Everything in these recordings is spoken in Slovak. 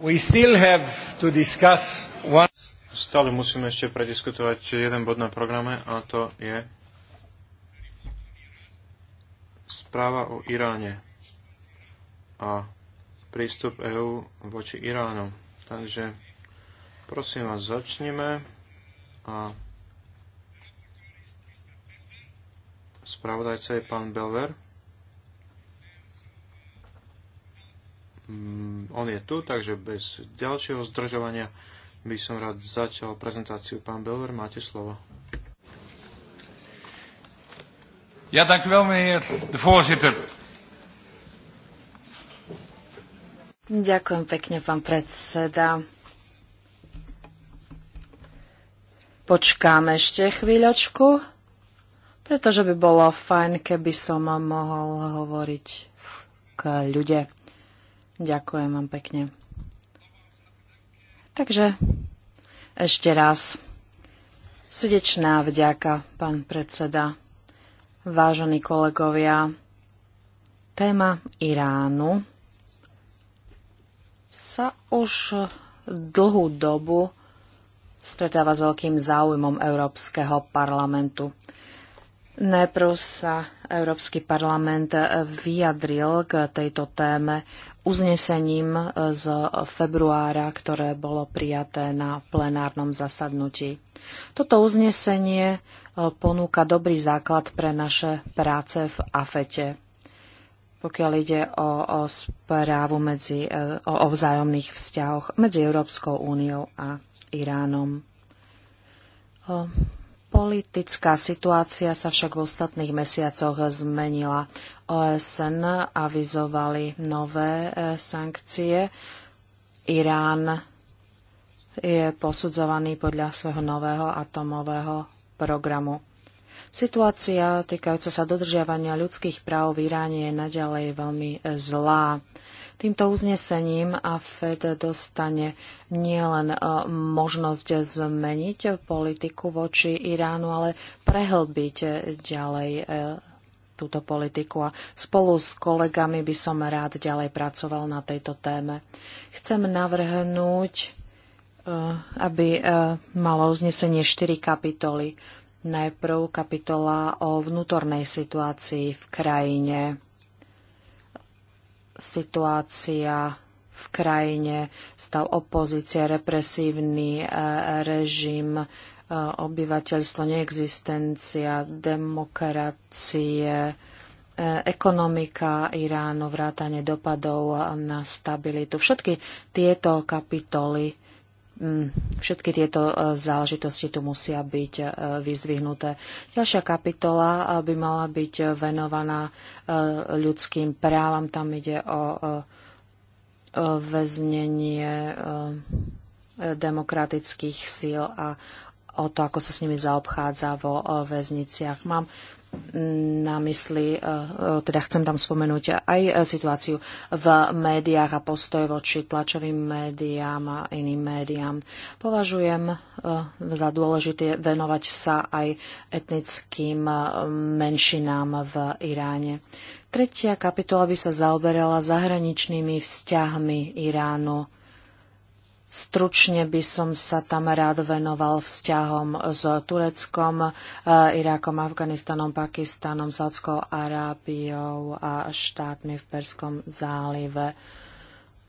We still have to discuss one... Stále musíme ešte prediskutovať jeden bod na programe a to je správa o Iráne a prístup EÚ voči Iránu. Takže prosím vás, začneme a spravodajca je pán Belver. Mm, on je tu, takže bez ďalšieho zdržovania by som rád začal prezentáciu. Pán Belver, máte slovo. Ja, dank veľmi, de voorzitter. Ďakujem pekne, pán predseda. Počkám ešte chvíľočku, pretože by bolo fajn, keby som mohol hovoriť k ľude. Ďakujem vám pekne. Takže ešte raz srdečná vďaka, pán predseda. Vážení kolegovia, téma Iránu sa už dlhú dobu stretáva s veľkým záujmom Európskeho parlamentu. Najprv sa Európsky parlament vyjadril k tejto téme uznesením e, z februára, ktoré bolo prijaté na plenárnom zasadnutí. Toto uznesenie e, ponúka dobrý základ pre naše práce v AFETE pokiaľ ide o, o správu medzi, e, o, o vzájomných vzťahoch medzi Európskou úniou a Iránom. Politická situácia sa však v ostatných mesiacoch zmenila. OSN avizovali nové e, sankcie. Irán je posudzovaný podľa svojho nového atomového programu. Situácia týkajúca sa dodržiavania ľudských práv v Iráne je naďalej veľmi e, zlá. Týmto uznesením A Fed dostane nielen e, možnosť zmeniť politiku voči Iránu, ale prehlbiť ďalej e, túto politiku a spolu s kolegami by som rád ďalej pracoval na tejto téme. Chcem navrhnúť, e, aby malo uznesenie 4 kapitoly. Najprv kapitola o vnútornej situácii v krajine situácia v krajine, stav opozície, represívny e, režim, e, obyvateľstvo, neexistencia, demokracie, e, ekonomika Iránu, vrátanie dopadov na stabilitu. Všetky tieto kapitoly Mm, všetky tieto e, záležitosti tu musia byť e, vyzdvihnuté. Ďalšia kapitola e, by mala byť venovaná ľudským právam. Tam ide o väznenie demokratických síl a o to, ako sa s nimi zaobchádza vo väzniciach. Mám na mysli, e, e, teda chcem tam spomenúť aj e, situáciu v médiách a postoj voči tlačovým médiám a iným médiám. Považujem za dôležité venovať sa aj etnickým menšinám v Iráne. Tretia kapitola by sa zaoberala zahraničnými vzťahmi Iránu Stručne by som sa tam rád venoval vzťahom s Tureckom, e, Irákom, Afganistanom, Pakistanom, Sádskou Arábiou a štátmi v Perskom zálive.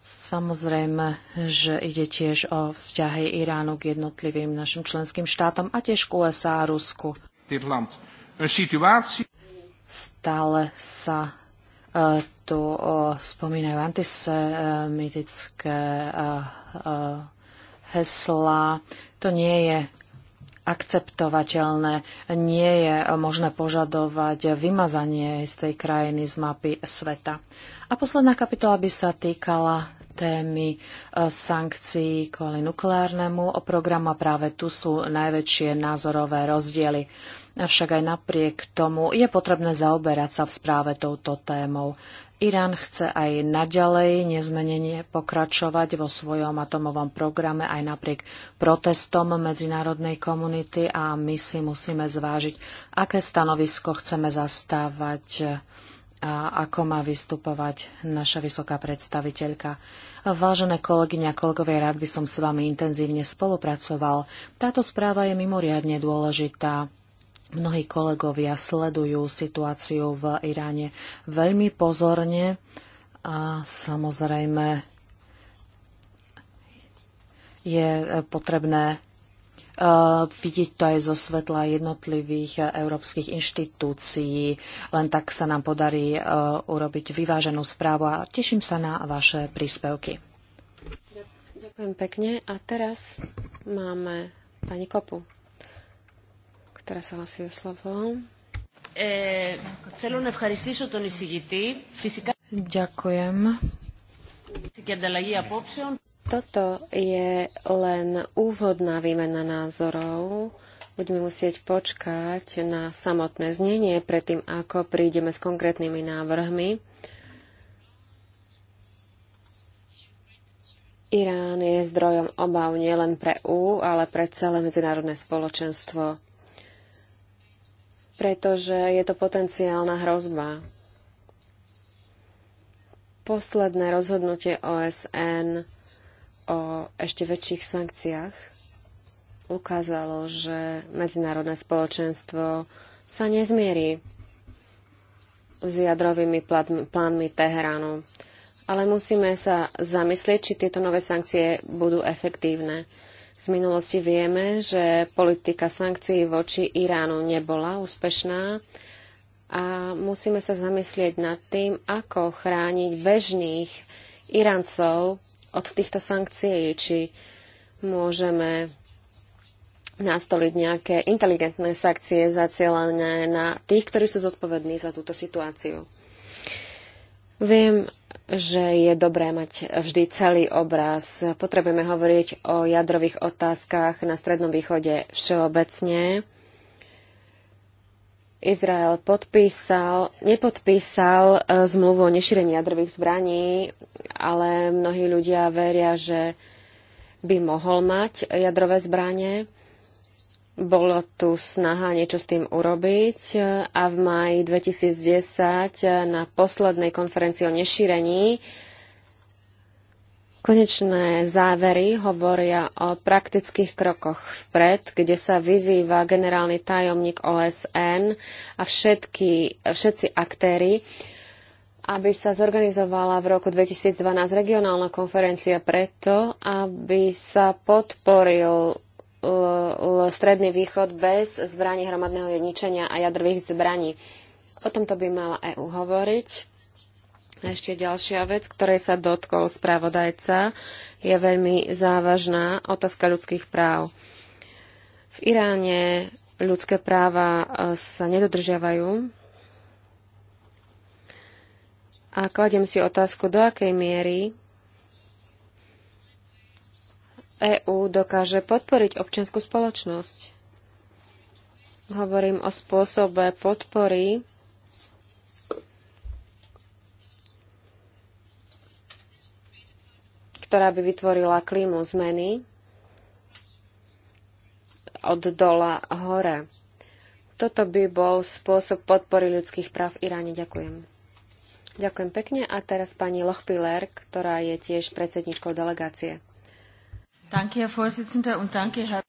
Samozrejme, že ide tiež o vzťahy Iránu k jednotlivým našim členským štátom a tiež k USA a Rusku. Stále sa tu spomínajú antisemitické hesla. To nie je akceptovateľné. Nie je možné požadovať vymazanie z tej krajiny z mapy sveta. A posledná kapitola by sa týkala témy e, sankcií kvôli nukleárnemu programu a práve tu sú najväčšie názorové rozdiely. Avšak aj napriek tomu je potrebné zaoberať sa v správe touto témou. Irán chce aj naďalej nezmenenie pokračovať vo svojom atomovom programe aj napriek protestom medzinárodnej komunity a my si musíme zvážiť, aké stanovisko chceme zastávať a ako má vystupovať naša vysoká predstaviteľka. Vážené kolegyne a kolegovia, rád by som s vami intenzívne spolupracoval. Táto správa je mimoriadne dôležitá Mnohí kolegovia sledujú situáciu v Iráne veľmi pozorne a samozrejme je potrebné e, vidieť to aj zo svetla jednotlivých európskych inštitúcií. Len tak sa nám podarí e, urobiť vyváženú správu a teším sa na vaše príspevky. Ďakujem pekne. A teraz máme pani Kopu ktorá sa hlasí o slovo. E, Ďakujem. Toto je len úvodná výmena názorov. Budeme musieť počkať na samotné znenie predtým, ako prídeme s konkrétnymi návrhmi. Irán je zdrojom obav nielen pre EÚ, ale pre celé medzinárodné spoločenstvo pretože je to potenciálna hrozba. Posledné rozhodnutie OSN o ešte väčších sankciách ukázalo, že medzinárodné spoločenstvo sa nezmierí s jadrovými plánmi Teheránu. Ale musíme sa zamyslieť, či tieto nové sankcie budú efektívne. Z minulosti vieme, že politika sankcií voči Iránu nebola úspešná a musíme sa zamyslieť nad tým, ako chrániť bežných Iráncov od týchto sankcií, či môžeme nastoliť nejaké inteligentné sankcie zacielené na tých, ktorí sú zodpovední za túto situáciu. Viem, že je dobré mať vždy celý obraz. Potrebujeme hovoriť o jadrových otázkach na Strednom východe všeobecne. Izrael podpísal, nepodpísal e, zmluvu o nešírení jadrových zbraní, ale mnohí ľudia veria, že by mohol mať jadrové zbranie. Bolo tu snaha niečo s tým urobiť a v maji 2010 na poslednej konferencii o nešírení Konečné závery hovoria o praktických krokoch vpred, kde sa vyzýva generálny tajomník OSN a všetky, všetci aktéry, aby sa zorganizovala v roku 2012 regionálna konferencia preto, aby sa podporil Stredný východ bez zbraní hromadného ničenia a jadrových zbraní. O tomto by mala EU hovoriť. A ešte ďalšia vec, ktorej sa dotkol správodajca, je veľmi závažná otázka ľudských práv. V Iráne ľudské práva e, sa nedodržiavajú. A kladiem si otázku, do akej miery EÚ dokáže podporiť občianskú spoločnosť. Hovorím o spôsobe podpory ktorá by vytvorila klímu zmeny od dola hore. Toto by bol spôsob podpory ľudských práv v Iráne. Ďakujem. Ďakujem pekne. A teraz pani Lochpiller, ktorá je tiež predsedničkou delegácie.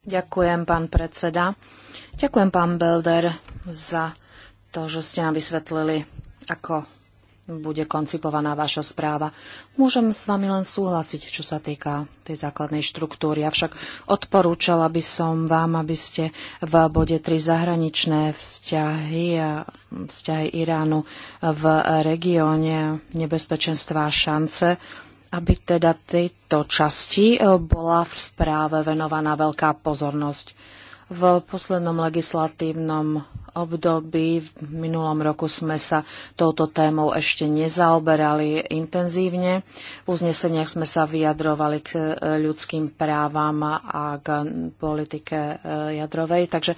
Ďakujem, pán predseda. Ďakujem, pán Belder, za to, že ste nám vysvetlili, ako bude koncipovaná vaša správa. Môžem s vami len súhlasiť, čo sa týka tej základnej štruktúry. Avšak odporúčala by som vám, aby ste v bode 3 zahraničné vzťahy a vzťahy Iránu v regióne nebezpečenstva a šance aby teda tejto časti e, bola v správe venovaná veľká pozornosť. V poslednom legislatívnom období, v minulom roku sme sa touto témou ešte nezaoberali intenzívne. V uzneseniach sme sa vyjadrovali k e, ľudským právam a k politike e, jadrovej, takže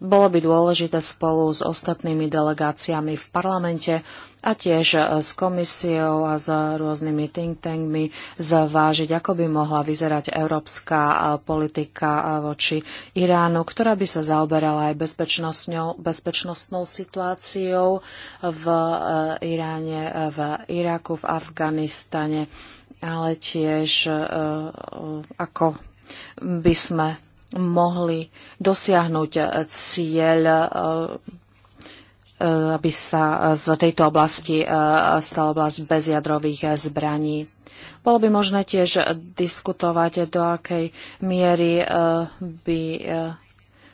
bolo by dôležité spolu s ostatnými delegáciami v parlamente a tiež e, s komisiou a s rôznymi think tankmi zvážiť, ako by mohla vyzerať európska e, politika e, voči Iránu, ktorá by sa zaoberala aj bezpečnostnou situáciou v Iráne, v Iraku, v Afganistane, ale tiež ako by sme mohli dosiahnuť cieľ e, e, aby sa z tejto oblasti e, stala oblasť bez jadrových zbraní. Bolo by možné tiež diskutovať, do akej miery by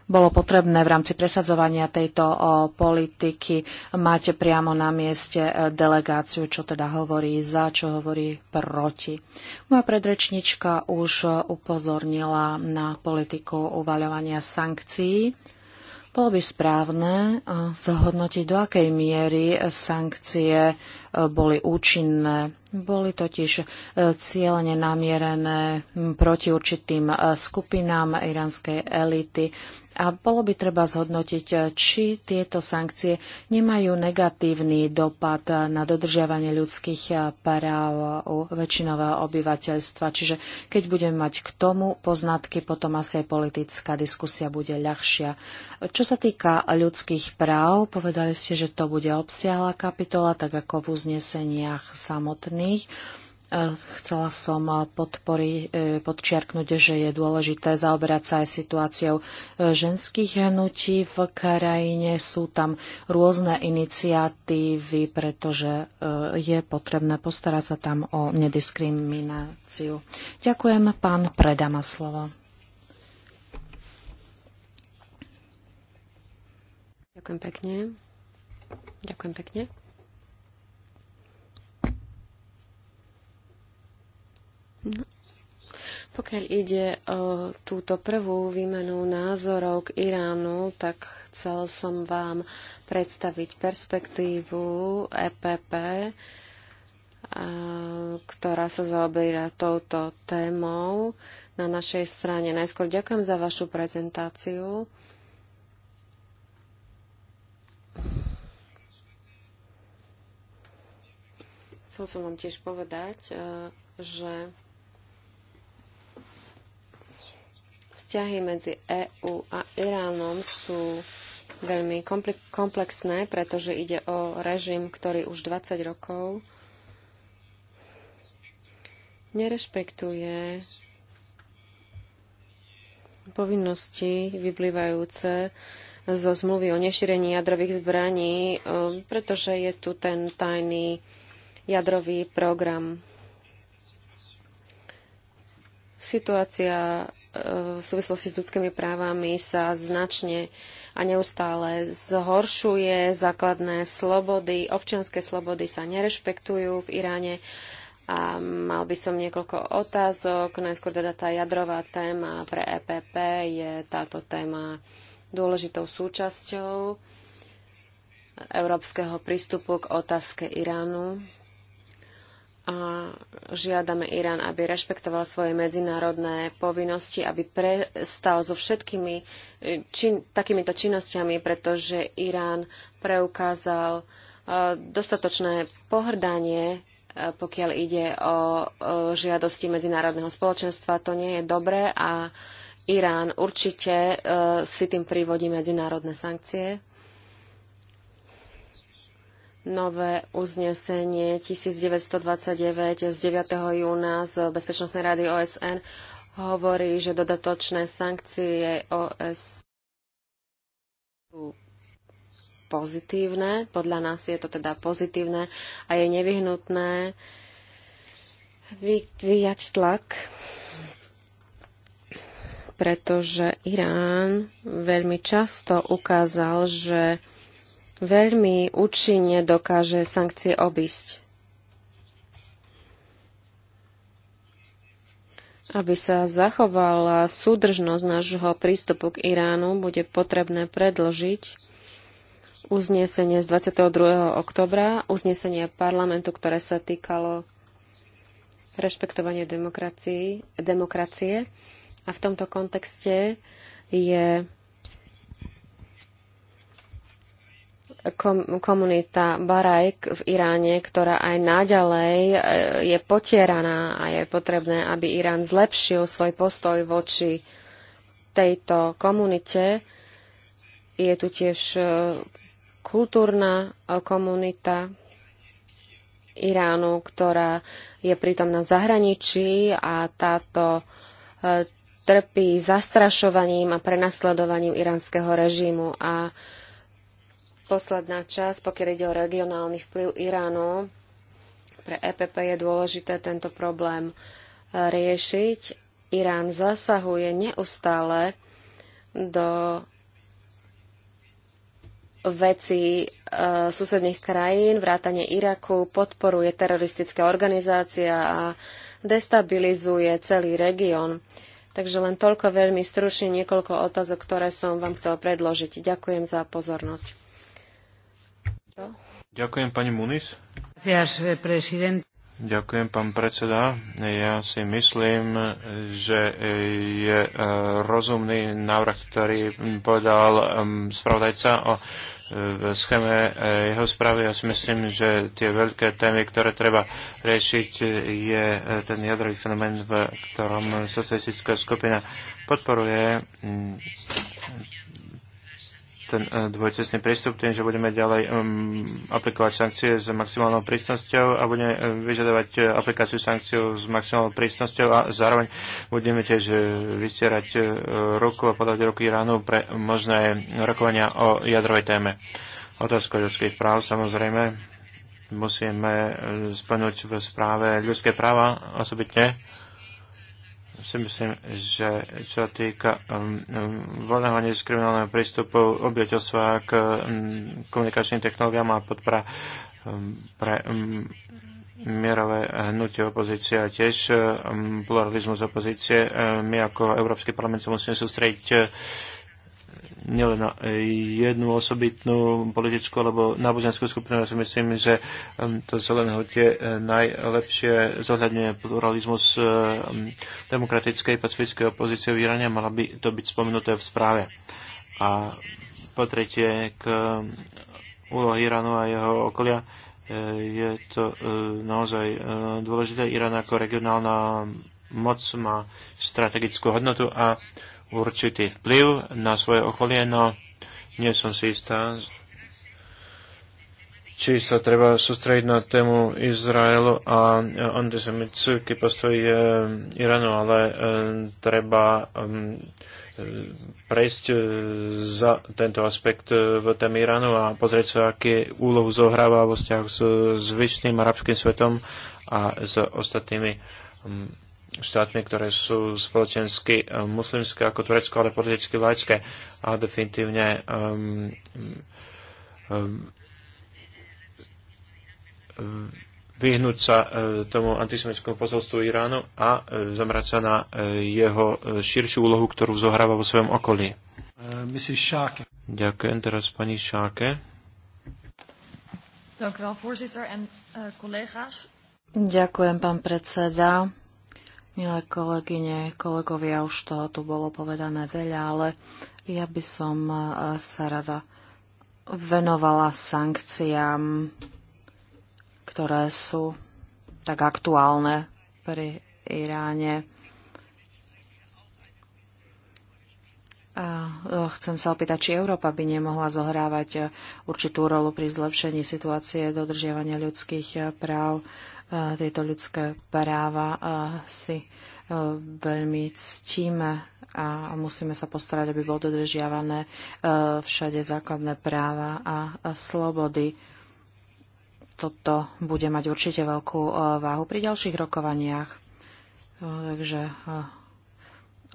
bolo potrebné v rámci presadzovania tejto politiky mať priamo na mieste e, delegáciu, čo teda hovorí za, čo hovorí proti. Moja predrečnička už e, upozornila na politiku uvaľovania sankcií. Bolo by správne e, zhodnotiť, do akej miery sankcie boli účinné. Boli totiž cieľne namierené proti určitým skupinám iránskej elity a bolo by treba zhodnotiť, eh, či tieto sankcie nemajú negatívny dopad na dodržiavanie ľudských eh, práv u väčšinového obyvateľstva. Čiže keď budeme mať k tomu poznatky, potom asi aj politická diskusia bude ľahšia. Čo sa týka ľudských práv, povedali ste, že to bude obsiahla kapitola, tak ako v uzneseniach samotných. Chcela som podpori, e, podčiarknúť, že je dôležité zaoberať sa aj situáciou e, ženských hnutí v krajine. Sú tam rôzne iniciatívy, pretože e, je potrebné postarať sa tam o nediskrimináciu. Ďakujem, pán Predama slovo. Ďakujem pekne. Ďakujem pekne. No. Pokiaľ ide o túto prvú výmenu názorov k Iránu, tak chcel som vám predstaviť perspektívu EPP, ktorá sa zaoberá touto témou na našej strane. Najskôr ďakujem za vašu prezentáciu. Chcel som vám tiež povedať, e, že Vzťahy medzi EÚ a Iránom sú veľmi komplexné, pretože ide o režim, ktorý už 20 rokov nerešpektuje povinnosti vyplývajúce zo zmluvy o nešírení jadrových zbraní, um, pretože je tu ten tajný jadrový program. Situácia v súvislosti s ľudskými právami sa značne a neustále zhoršuje. Základné slobody, občianské slobody sa nerešpektujú v Iráne. A mal by som niekoľko otázok. Najskôr teda tá jadrová téma pre EPP je táto téma dôležitou súčasťou európskeho prístupu k otázke Iránu a žiadame Irán, aby rešpektoval svoje medzinárodné povinnosti, aby prestal so všetkými e, čin, takýmito činnosťami, pretože Irán preukázal e, dostatočné pohrdanie, e, pokiaľ ide o žiadosti medzinárodného spoločenstva. To nie je dobré a Irán určite si tým privodí medzinárodné sankcie nové uznesenie 1929 z 9. júna z Bezpečnostnej rady OSN hovorí, že dodatočné sankcie OS sú pozitívne. Podľa nás je to teda pozitívne a je nevyhnutné vyjať tlak pretože Irán veľmi často ukázal, že veľmi účinne dokáže sankcie obísť. Aby sa zachovala súdržnosť nášho prístupu k Iránu, bude potrebné predložiť uznesenie z 22. oktobra, uznesenie parlamentu, ktoré sa týkalo rešpektovania demokracie. A v tomto kontexte je kom- komunita Barajk v Iráne, ktorá aj naďalej e, je potieraná a je potrebné, aby Irán zlepšil svoj postoj voči tejto komunite. Je tu tiež e, kultúrna e, komunita Iránu, ktorá je pritom na zahraničí a táto trpí zastrašovaním a prenasledovaním iránskeho režimu a Posledná časť, pokiaľ ide o regionálny vplyv Iránu, pre EPP je dôležité tento problém e, riešiť. Irán zasahuje neustále do veci e, susedných krajín, vrátane Iraku, podporuje teroristické organizácie a destabilizuje celý región. Takže len toľko veľmi stručne niekoľko otázok, ktoré som vám chcel predložiť. Ďakujem za pozornosť. Ďakujem pani Muniz. Eh, Ďakujem, pán predseda. Ja si myslím, že eh, je eh, rozumný návrh, ktorý povedal ehm, spravodajca o schéme jeho správy. Ja si myslím, že tie veľké témy, ktoré treba riešiť, je ten jadrový fenomén, v ktorom socialistická skupina podporuje mm, ten e, dvojcestný prístup tým, že budeme ďalej um, aplikovať sankcie s maximálnou prísnosťou a budeme e, vyžadovať e, aplikáciu sankciu s maximálnou prísnosťou a zároveň budeme tiež vystierať ruku a podať ruky ránu pre možné rokovania o jadrovej téme. Otázka ľudských práv samozrejme musíme splnúť v správe ľudské práva osobitne si myslím, že čo sa týka um, um voľného nediskriminálneho prístupu obyvateľstva k um, komunikačným technológiám a podpora um, pre um, mierové hnutie opozície a tiež um, pluralizmus opozície. Um, my ako Európsky parlament sa musíme sústrediť nielen na jednu osobitnú politickú alebo náboženskú skupinu. ale si myslím, že um, to zelené hnutie eh, najlepšie zohľadňuje pluralizmus eh, um, demokratickej pacifickej opozície v Iráne. Mala by to byť spomenuté v správe. A po tretie, k um, úlohe Iránu a jeho okolia eh, je to naozaj dôležité. Irán ako regionálna moc má strategickú hodnotu a určitý vplyv na svoje okolie, no nie som si istá, či sa treba sústrediť na tému Izraelu a antisemitský postoj eh, Iránu, ale eh, treba eh, prejsť za tento aspekt v téme Iránu a pozrieť sa, aké úlohu zohráva vo vzťahu s zvyšným arabským svetom a s ostatnými hm, štátmi, ktoré sú spoločensky eh, muslimské ako Turecko, ale politicky laické a definitívne um, um, vyhnúť sa uh, tomu antisemitskému posolstvu Iránu a uh, zamerať sa na uh, jeho uh, širšiu úlohu, ktorú zohráva vo svojom okolí. Uh, Ďakujem teraz pani Šáke. Ďakujem, pán predseda. Milé kolegyne, kolegovia, už toho tu bolo povedané veľa, ale ja by som e, sa rada venovala sankciám, ktoré sú tak aktuálne pri Iráne. A e, chcem sa opýtať, či Európa by nemohla zohrávať e, určitú rolu pri zlepšení situácie dodržiavania ľudských práv tieto ľudské práva si e, veľmi ctíme a musíme sa postarať, aby bolo dodržiavané e, všade základné práva a slobody. Toto bude mať určite veľkú e, váhu pri ďalších rokovaniach. Takže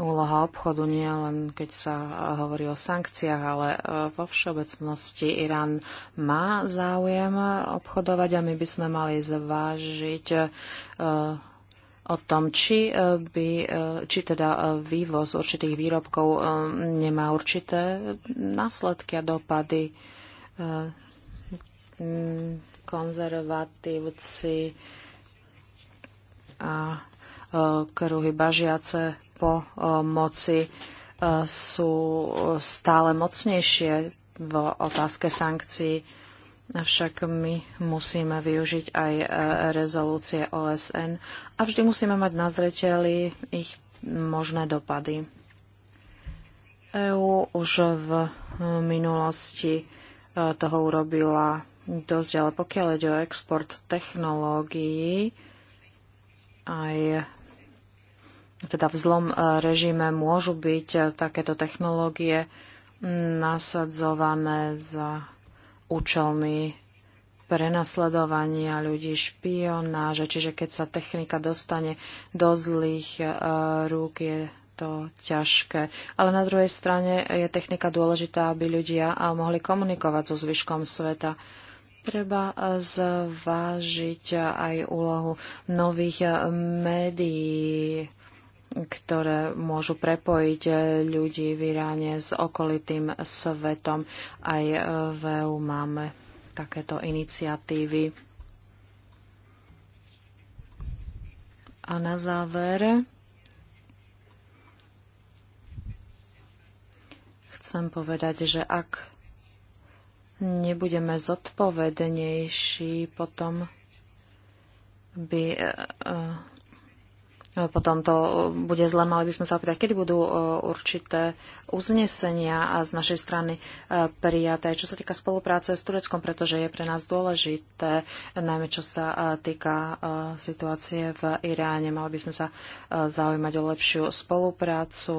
úloha obchodu nie len keď sa hovorí o sankciách, ale e, vo všeobecnosti Irán má záujem obchodovať a my by sme mali zvážiť e, o tom, či, e, by, či teda vývoz určitých výrobkov nemá určité následky a dopady. Konzervatívci a kruhy bažiace po moci e, sú stále mocnejšie v otázke sankcií. Avšak my musíme využiť aj e, rezolúcie OSN a vždy musíme mať na zreteli ich možné dopady. EÚ už v minulosti e, toho urobila dosť, ale pokiaľ ide o export technológií, aj teda v zlom e, režime môžu byť e, takéto technológie nasadzované za účelmi prenasledovania ľudí, špionáže. Čiže keď sa technika dostane do zlých e, rúk, je to ťažké. Ale na druhej strane je technika dôležitá, aby ľudia mohli komunikovať so zvyškom sveta. Treba zvážiť aj úlohu nových médií ktoré môžu prepojiť eh, ľudí v Iráne s okolitým svetom. Aj eh, v EU máme takéto iniciatívy. A na záver chcem povedať, že ak nebudeme zodpovednejší, potom by eh, potom to bude zle. Mali by sme sa opýtať, kedy budú e, určité uznesenia z našej strany e, prijaté, čo sa týka spolupráce s Tureckom, pretože je pre nás dôležité, najmä čo sa e, týka situácie v Iráne. Mali by sme sa zaujímať o lepšiu spoluprácu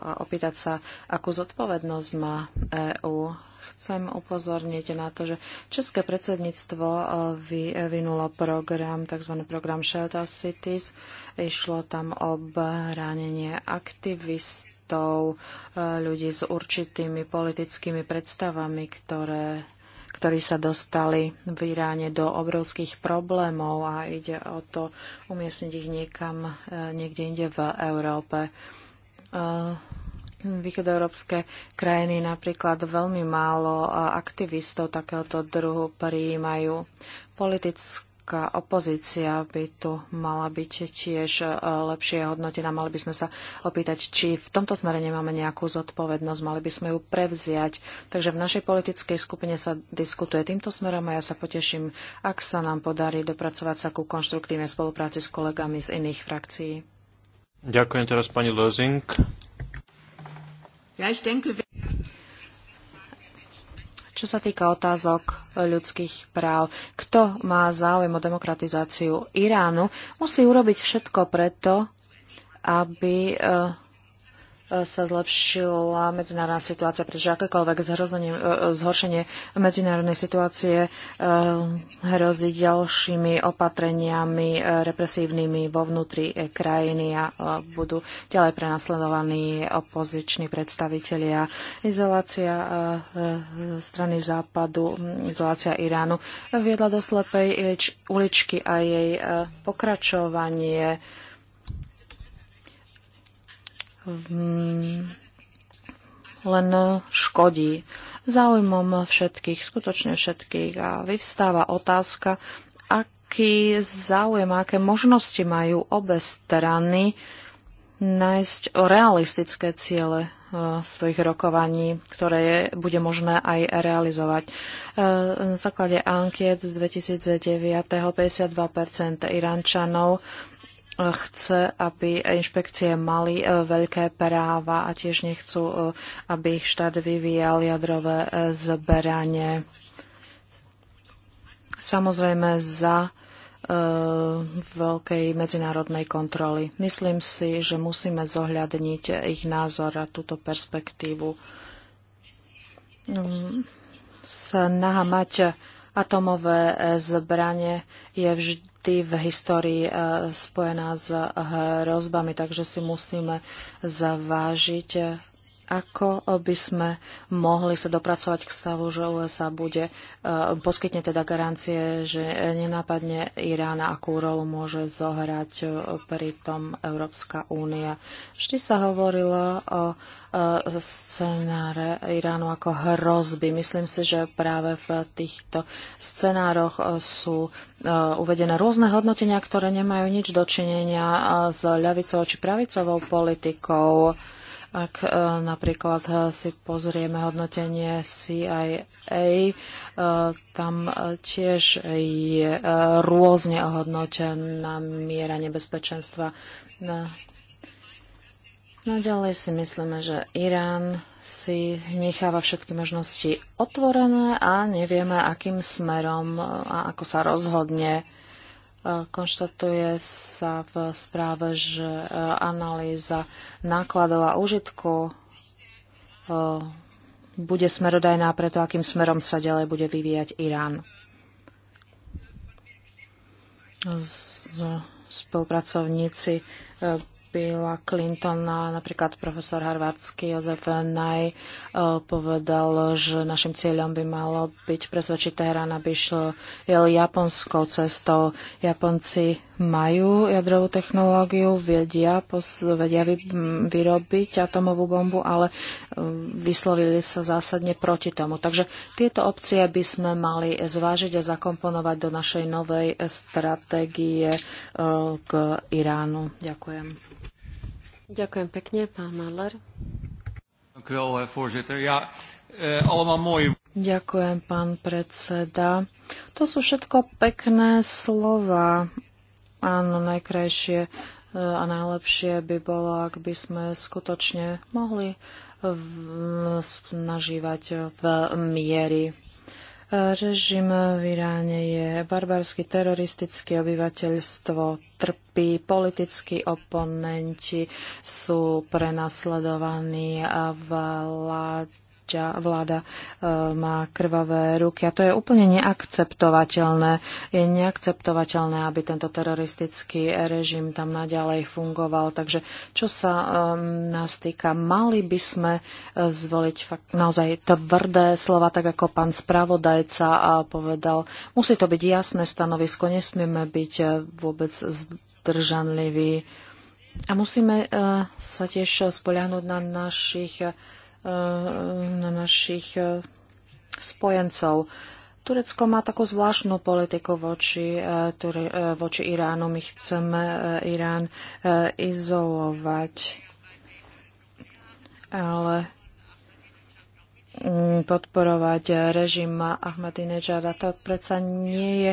a opýtať sa, akú zodpovednosť má EÚ chcem upozorniť na to, že České predsedníctvo eh, vyvinulo eh, program, tzv. program Shelter Cities. Išlo tam o bránenie aktivistov, eh, ľudí s určitými politickými predstavami, ktoré ktorí sa dostali v Iráne do obrovských problémov a ide o to umiestniť ich niekam, niekde inde v Európe. Východoeurópske krajiny napríklad veľmi málo aktivistov takéhoto druhu prijímajú. Politická opozícia by tu mala byť tiež e, lepšie hodnotená. Mali by sme sa opýtať, či v tomto smere nemáme nejakú zodpovednosť, mali by sme ju prevziať. Takže v našej politickej skupine sa diskutuje týmto smerom a ja sa poteším, ak sa nám podarí dopracovať sa ku konštruktívnej spolupráci s kolegami z iných frakcií. Ďakujem teraz pani Lozing. Ja, ich denke, čo sa týka otázok ľudských práv, kto má záujem o demokratizáciu Iránu, musí urobiť všetko preto, aby eh, sa zlepšila medzinárodná situácia, pretože akékoľvek e, e, zhoršenie medzinárodnej situácie e, hrozí ďalšími opatreniami represívnymi vo vnútri krajiny a budú ďalej prenasledovaní opoziční predstavitelia. Izolácia strany západu, izolácia Iránu viedla do slepej uličky a jej pokračovanie Mm, len škodí záujmom všetkých, skutočne všetkých. A vyvstáva otázka, aký záujem, aké možnosti majú obe strany nájsť realistické ciele e, svojich rokovaní, ktoré je, bude možné aj realizovať. E, na základe ankiet z 2009 52% Irančanov chce, aby inšpekcie mali e, veľké práva a tiež nechcú, e, aby ich štát vyvíjal jadrové e, zberanie. Samozrejme za veľkej medzinárodnej kontroly. Myslím si, že musíme zohľadniť ich názor a túto perspektívu. Mm, snaha mať Atomové e, zbranie je vždy v histórii e, spojená s hrozbami, takže si musíme zavážiť, e, ako by sme mohli sa dopracovať k stavu, že USA bude poskytne teda garancie, že nenápadne Irán, akú rolu môže zohrať pri tom Európska únia. Vždy sa hovorilo o E, scenáre Iránu ako hrozby. Myslím si, že práve v týchto scenároch e, sú e, uvedené rôzne hodnotenia, ktoré nemajú nič dočinenia s ľavicovou či pravicovou politikou. Ak napríklad si pozrieme hodnotenie CIA, tam tiež je rôzne ohodnotená miera nebezpečenstva No ďalej si myslíme, že Irán si necháva všetky možnosti otvorené a nevieme, akým smerom e, a ako sa rozhodne. E, konštatuje sa v správe, že e, analýza nákladov a užitku bude smerodajná pre to, akým smerom sa ďalej bude vyvíjať Irán. Z spolupracovníci Clinton Clintona, napríklad profesor harvardský Jozef Naj eh, povedal, že našim cieľom by malo byť presvedčiť Teherán, aby išiel Japonskou cestou. Japonci majú jadrovú technológiu, vedia, pos, vedia vy, vyrobiť atomovú bombu, ale um, vyslovili sa zásadne proti tomu. Takže tieto opcie by sme mali zvážiť a zakomponovať do našej novej stratégie uh, k Iránu. Ďakujem. Ďakujem pekne, pán Madler. Eh, eh, Ďakujem, pán predseda. To sú všetko pekné slova Áno, najkrajšie e, a najlepšie by bolo, ak by sme skutočne mohli nažívať v miery. E, režim v Iráne je barbarský, teroristický, obyvateľstvo trpí, politickí oponenti sú prenasledovaní a vlád ťa vláda e, má krvavé ruky. A to je úplne neakceptovateľné. Je neakceptovateľné, aby tento teroristický režim tam naďalej fungoval. Takže čo sa e, nás týka, mali by sme e, zvoliť fakt naozaj tvrdé slova, tak ako pán spravodajca a povedal. Musí to byť jasné stanovisko, nesmieme byť vôbec zdržanliví. A musíme sa tiež spoliahnuť na našich Eh, na našich eh, spojencov. Turecko má takú zvláštnu politiku voči, eh, voči Iránu. My chceme Irán izolovať, ale mm, podporovať režim Ahmadinejada. To predsa nie je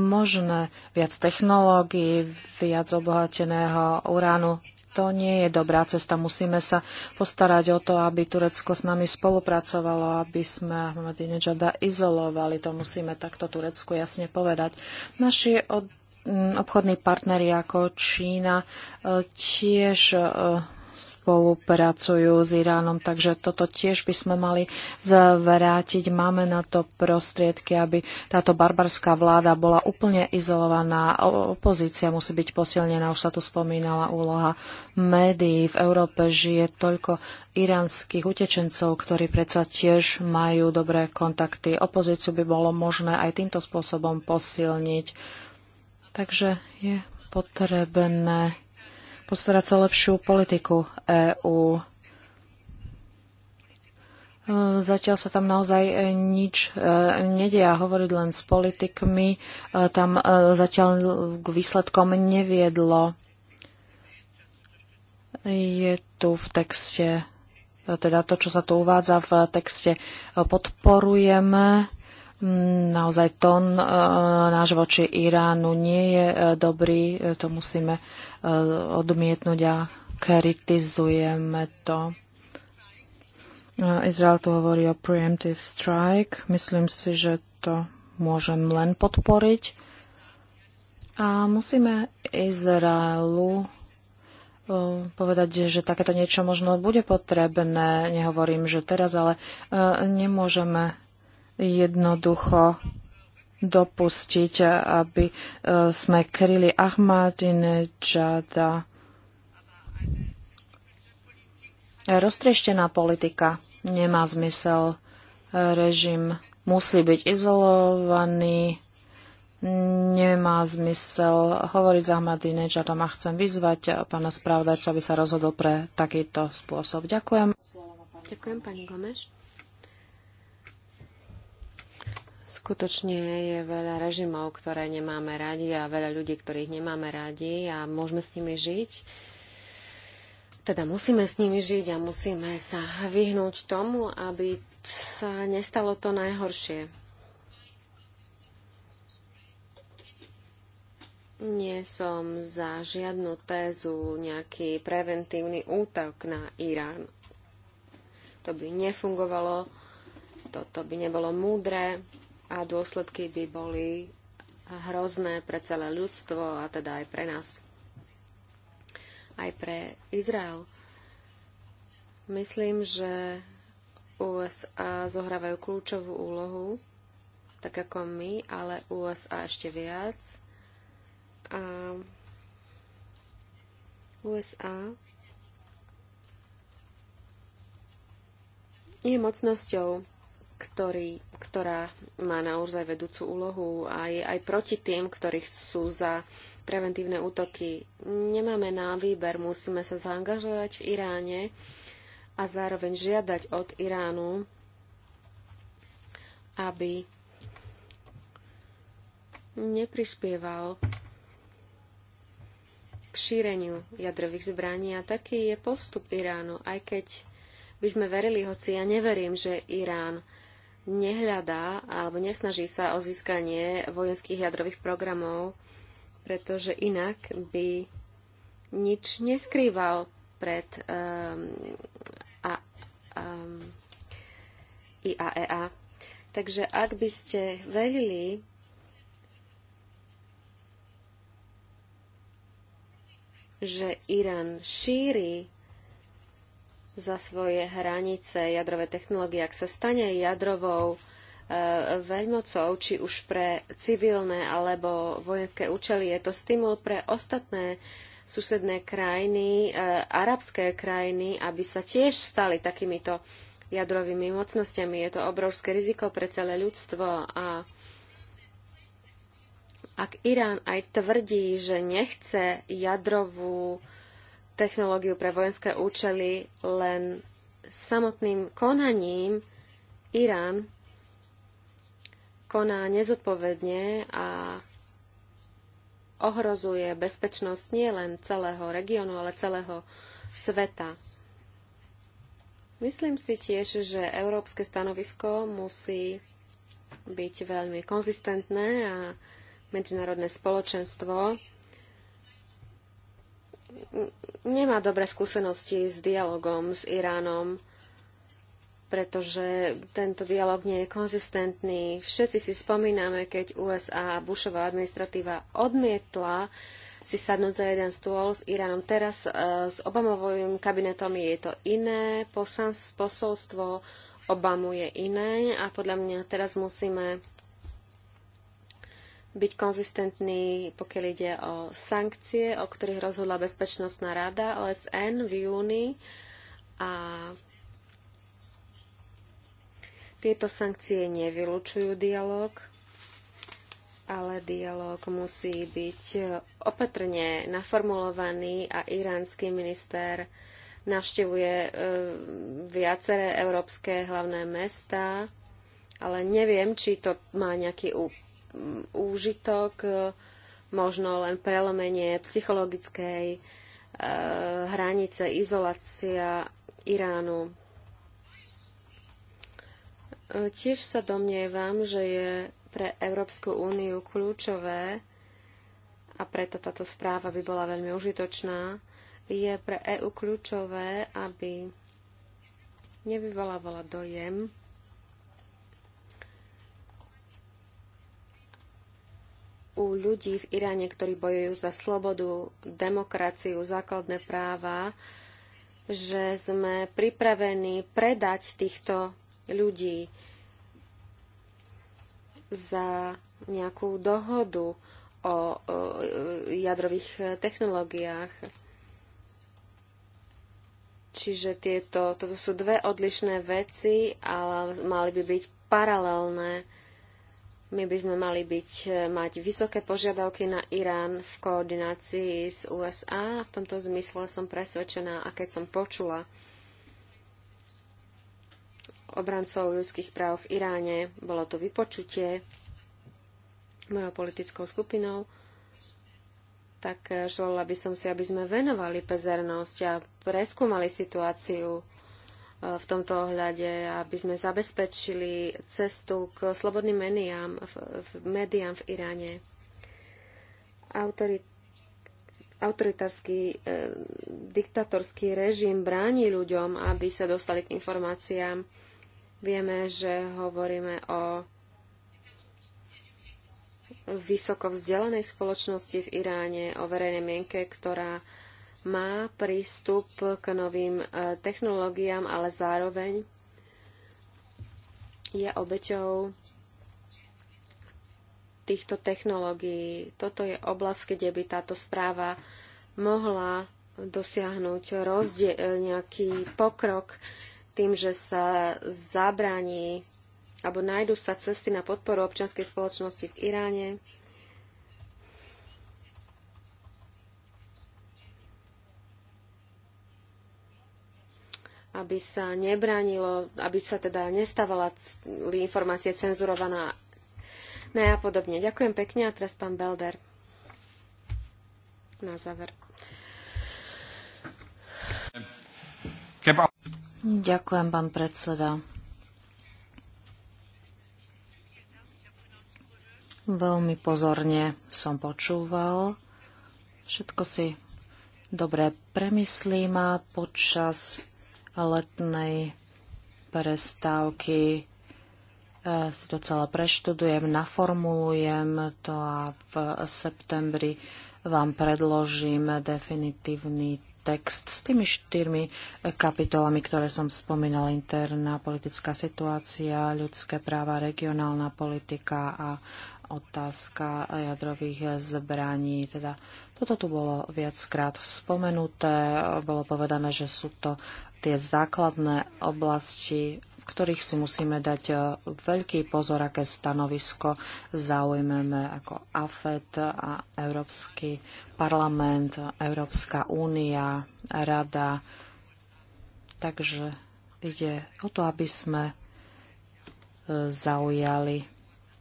možné. Viac technológií, viac obohateného uránu, to nie je dobrá cesta. Musíme sa postarať o to, aby Turecko s nami spolupracovalo, aby sme Ahmadinejada izolovali. To musíme takto Turecku jasne povedať. Naši obchodní partneri ako Čína e, tiež e, spolupracujú s Iránom, takže toto tiež by sme mali zvrátiť. Máme na to prostriedky, aby táto barbarská vláda bola úplne izolovaná. Opozícia musí byť posilnená, už sa tu spomínala úloha médií. V Európe žije toľko iránskych utečencov, ktorí predsa tiež majú dobré kontakty. Opozíciu by bolo možné aj týmto spôsobom posilniť. Takže je potrebné postarať sa lepšiu politiku EÚ. E, zatiaľ sa tam naozaj e, nič e, nedie a hovoriť len s politikmi tam zatiaľ k výsledkom neviedlo. Je tu v texte, teda to, čo sa tu uvádza v texte, podporujeme Naozaj tón e, náš voči Iránu nie je e, dobrý, e, to musíme odmietnúť a kritizujeme to. Izrael tu hovorí o preemptive strike. Myslím si, že to môžem len podporiť. A musíme Izraelu povedať, že takéto niečo možno bude potrebné. Nehovorím, že teraz, ale nemôžeme jednoducho dopustiť, aby e, sme kryli Ahmadinejada. Roztrieštená politika nemá zmysel. Režim musí byť izolovaný. Nemá zmysel hovoriť za Ahmadinejadom a chcem vyzvať pána spravodajcu, aby sa rozhodol pre takýto spôsob. Ďakujem. Ďakujem, pani Gomeš. Skutočne je veľa režimov, ktoré nemáme radi a veľa ľudí, ktorých nemáme radi a môžeme s nimi žiť. Teda musíme s nimi žiť a musíme sa vyhnúť tomu, aby sa nestalo to najhoršie. Nie som za žiadnu tézu nejaký preventívny útok na Irán. To by nefungovalo, toto by nebolo múdre, a dôsledky by boli hrozné pre celé ľudstvo a teda aj pre nás, aj pre Izrael. Myslím, že USA zohrávajú kľúčovú úlohu, tak ako my, ale USA ešte viac. A USA je mocnosťou, ktorý, ktorá má naozaj vedúcu úlohu aj, aj proti tým, ktorí sú za preventívne útoky. Nemáme na výber, musíme sa zaangažovať v Iráne a zároveň žiadať od Iránu, aby neprispieval k šíreniu jadrových zbraní a taký je postup Iránu, aj keď by sme verili, hoci ja neverím, že Irán nehľadá alebo nesnaží sa o získanie vojenských jadrových programov, pretože inak by nič neskrýval pred um, a, um, ehm, IAEA. E Takže ak by ste verili že Irán šíri za svoje hranice jadrové technológie. Ak sa stane jadrovou e, veľmocou, či už pre civilné alebo vojenské účely, je to stimul pre ostatné susedné krajiny, e, arabské krajiny, aby sa tiež stali takýmito jadrovými mocnosťami. Je to obrovské riziko pre celé ľudstvo a ak Irán aj tvrdí, že nechce jadrovú technológiu pre vojenské účely len samotným konaním Irán koná nezodpovedne a ohrozuje bezpečnosť nie len celého regiónu, ale celého sveta. Myslím si tiež, že európske stanovisko musí byť veľmi konzistentné a medzinárodné spoločenstvo nemá dobré skúsenosti s dialogom s Iránom, pretože tento dialog nie je konzistentný. Všetci si spomíname, keď USA a Bushová administratíva odmietla si sadnúť za jeden stôl s Iránom. Teraz e, s Obamovým kabinetom je to iné, posolstvo Obamu je iné a podľa mňa teraz musíme byť konzistentný, pokiaľ ide o sankcie, o ktorých rozhodla Bezpečnostná rada OSN v júni. A tieto sankcie nevylučujú dialog, ale dialog musí byť opatrne naformulovaný a iránsky minister navštevuje e, viaceré európske hlavné mesta, ale neviem, či to má nejaký úžitok, e, možno len prelomenie psychologickej e, hranice, izolácia Iránu. E, tiež sa domnievam, že je pre Európsku úniu kľúčové, a preto táto správa by bola veľmi užitočná, je pre EÚ kľúčové, aby nevyvolávala dojem, u ľudí v Iráne, ktorí bojujú za slobodu, demokraciu, základné práva, že sme pripravení predať týchto ľudí za nejakú dohodu o, jadrových technológiách. Čiže tieto, toto sú dve odlišné veci, ale mali by byť paralelné. My by sme mali byť, e, mať vysoké požiadavky na Irán v koordinácii s USA. V tomto zmysle som presvedčená a keď som počula obrancov ľudských práv v Iráne, bolo to vypočutie mojou politickou skupinou, tak e, želala by som si, aby sme venovali pezernosť a preskúmali situáciu v tomto ohľade, aby sme zabezpečili cestu k slobodným médiám v, v, médiám v Iráne. Autori, autoritársky, e, diktatorský režim bráni ľuďom, aby sa dostali k informáciám. Vieme, že hovoríme o vysoko vzdelanej spoločnosti v Iráne, o verejnej mienke, ktorá má prístup k novým e, technológiám, ale zároveň je obeťou týchto technológií. Toto je oblasť, kde by táto správa mohla dosiahnuť rozdiel, e, nejaký pokrok tým, že sa zabraní alebo nájdú sa cesty na podporu občianskej spoločnosti v Iráne, aby sa nebránilo, aby sa teda nestávala informácie cenzurovaná ne no a podobne. Ďakujem pekne a teraz pán Belder na záver. Ďakujem, pán predseda. Veľmi pozorne som počúval. Všetko si dobre premyslím a počas letnej prestávky e, si to celé preštudujem, naformulujem to a v septembri vám predložím definitívny text s tými štyrmi kapitolami, ktoré som spomínala. Interná politická situácia, ľudské práva, regionálna politika a otázka jadrových zbraní. Teda toto tu bolo viackrát spomenuté. Bolo povedané, že sú to tie základné oblasti, v ktorých si musíme dať e, veľký pozor, aké stanovisko zaujmeme ako AFET a Európsky parlament, Európska únia, Rada. Takže ide o to, aby sme e, zaujali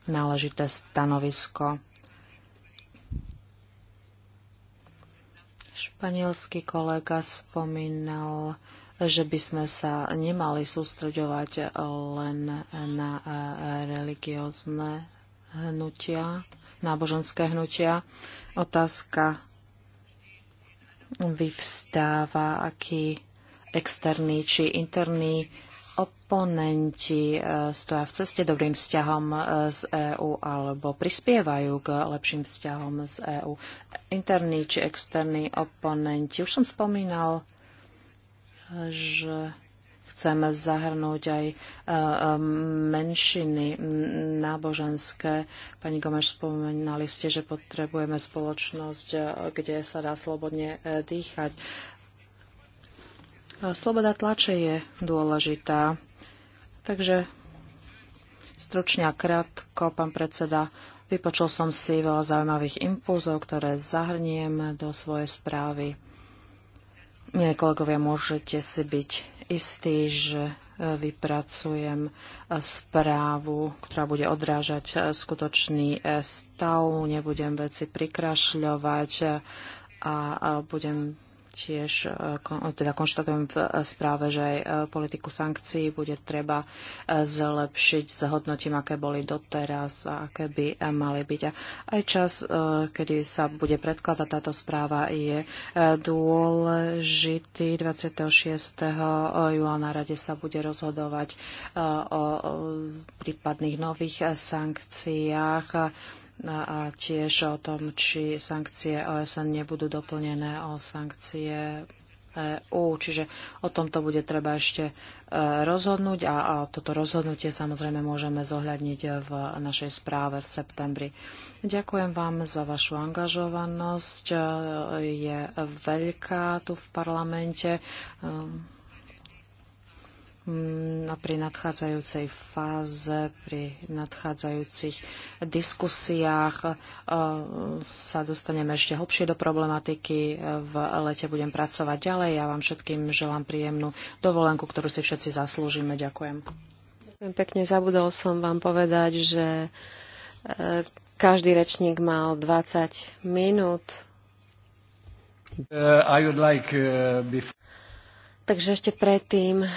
náležité stanovisko. Španielský kolega spomínal že by sme sa nemali sústreďovať len na e, religiózne hnutia, náboženské hnutia. Otázka vyvstáva, aký externí či interní oponenti e, stoja v ceste dobrým vzťahom e, z EÚ alebo prispievajú k lepším vzťahom z EÚ. Interní či externí oponenti. Už som spomínal že chceme zahrnúť aj e, e, menšiny náboženské. Pani Gomeš, spomínali ste, že potrebujeme spoločnosť, e, kde sa dá slobodne dýchať. Sloboda tlače je dôležitá. Takže stručne a krátko, pán predseda, vypočul som si veľa zaujímavých impulzov, ktoré zahrnieme do svojej správy. Milí kolegovia, môžete si byť istí, že e, vypracujem e, správu, ktorá bude odrážať e, skutočný stav. Nebudem veci prikrašľovať a budem Tiež e, e, teda konštatujem v e, správe, že aj politiku sankcií bude treba zlepšiť. Zhodnotím, aké boli doteraz a aké by mali byť. A aj čas, kedy sa bude predkladať táto správa, je dôležitý. 26. júla na rade sa bude rozhodovať o prípadných nových sankciách No a tiež o tom, či sankcie OSN nebudú doplnené o sankcie EU. Čiže o tomto bude treba ešte e, rozhodnúť a, a toto rozhodnutie samozrejme môžeme zohľadniť v našej správe v septembri. Ďakujem vám za vašu angažovanosť. E, je veľká tu v parlamente. Ehm, Mm, a pri nadchádzajúcej fáze, pri nadchádzajúcich diskusiách e, sa dostaneme ešte hlbšie do problematiky. E, v lete budem pracovať ďalej. Ja vám všetkým želám príjemnú dovolenku, ktorú si všetci zaslúžime. Ďakujem. Ďakujem pekne. Zabudol som vám povedať, že e, každý rečník mal 20 minút. Uh, like, uh, before... Takže ešte predtým,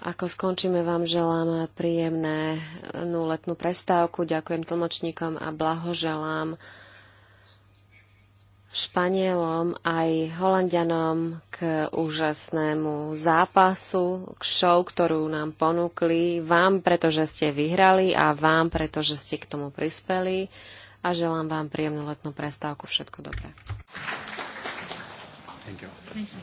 ako skončíme, vám želám príjemné eh, letnú prestávku. Ďakujem tlmočníkom a blahoželám Španielom aj Holandianom k úžasnému zápasu, k show, ktorú nám ponúkli. Vám, pretože ste vyhrali a vám, pretože ste k tomu prispeli. A želám vám príjemnú letnú prestávku. Všetko dobré. Thank you. Thank you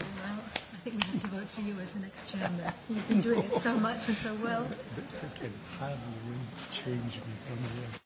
think we have to vote for you as the next chairman. You've been doing it so much and so well. I but, but, how in change me from here.